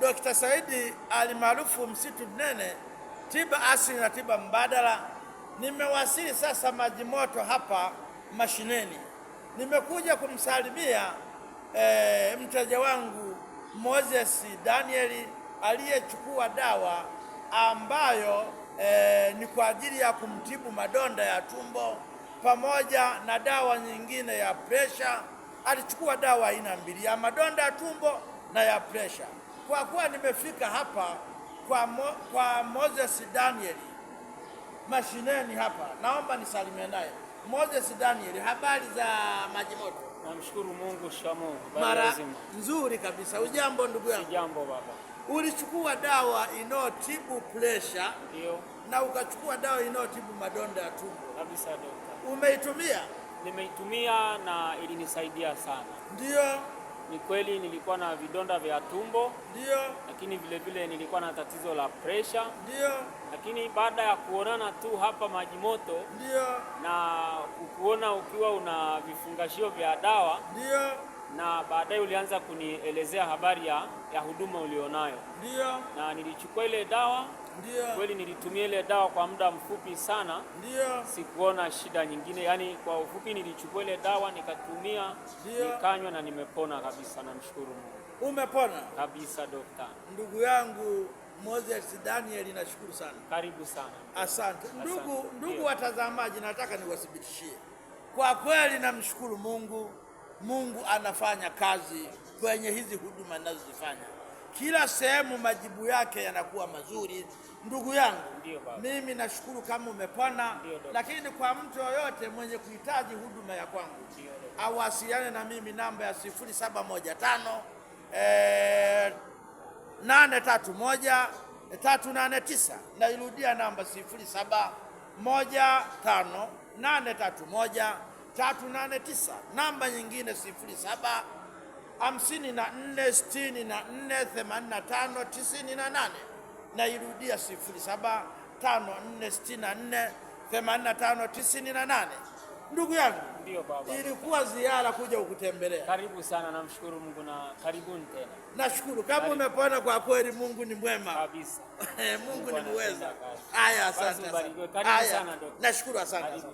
Dokta Saidi alimaarufu msitu mnene, tiba asili na tiba mbadala. Nimewasili sasa maji moto hapa mashineni, nimekuja kumsalimia e, mteja wangu Moses Danieli aliyechukua dawa ambayo e, ni kwa ajili ya kumtibu madonda ya tumbo pamoja na dawa nyingine ya presha. Alichukua dawa aina mbili ya madonda ya tumbo na ya presha kwa kuwa nimefika hapa kwa, Mo, kwa Moses Daniel mashineni hapa, naomba nisalimie naye. Moses Daniel, habari za maji moto? Namshukuru Mungu, shikamoo. Mara nzuri kabisa. Ujambo ndugu yangu? Ujambo baba. Ulichukua dawa inayotibu pressure? Ndio. Na ukachukua dawa inayotibu madonda ya tumbo? Kabisa dokta. Umeitumia? Nimeitumia na ilinisaidia sana. Ndio. Ni kweli nilikuwa na vidonda vya tumbo. Ndio. Lakini vile vile nilikuwa na tatizo la pressure Ndio. Lakini baada ya kuonana tu hapa maji moto. Ndio. Na kukuona ukiwa una vifungashio vya dawa. Ndio. Na baadaye ulianza kunielezea habari ya, ya huduma ulionayo. Ndio. Na nilichukua ile dawa Ndiyo. Kweli nilitumia ile dawa kwa muda mfupi sana. Ndiyo. Sikuona shida nyingine, yaani kwa ufupi nilichukua ile dawa nikatumia, nikanywa na nimepona kabisa, namshukuru Mungu. Umepona kabisa dokta. Ndugu yangu Moses Daniel, nashukuru sana. Karibu sana. Asante ndugu, asante. Ndugu watazamaji, nataka niwathibitishie kwa kweli, namshukuru Mungu. Mungu anafanya kazi kwenye hizi huduma ninazozifanya kila sehemu majibu yake yanakuwa mazuri. Ndugu yangu, mimi nashukuru kama umepona, lakini kwa mtu yoyote mwenye kuhitaji huduma ya kwangu awasiliane na mimi namba ya 0715 eh, 831 389. Nairudia namba 0715 831 389. Namba nyingine saba hamsini na nne sitini na nne themanini na tano tisini na nane Nairudia sifuri saba tano nne sitini na nne themanini na tano tisini na nane Ndugu yangu, ndio baba, ilikuwa ziara kuja ukutembelea. Karibu sana, namshukuru Mungu na karibuni tena. Nashukuru kama umepona, kwa kweli Mungu ni mwema kabisa. Mungu ni mweza. Haya, asante sana. Nashukuru, asante.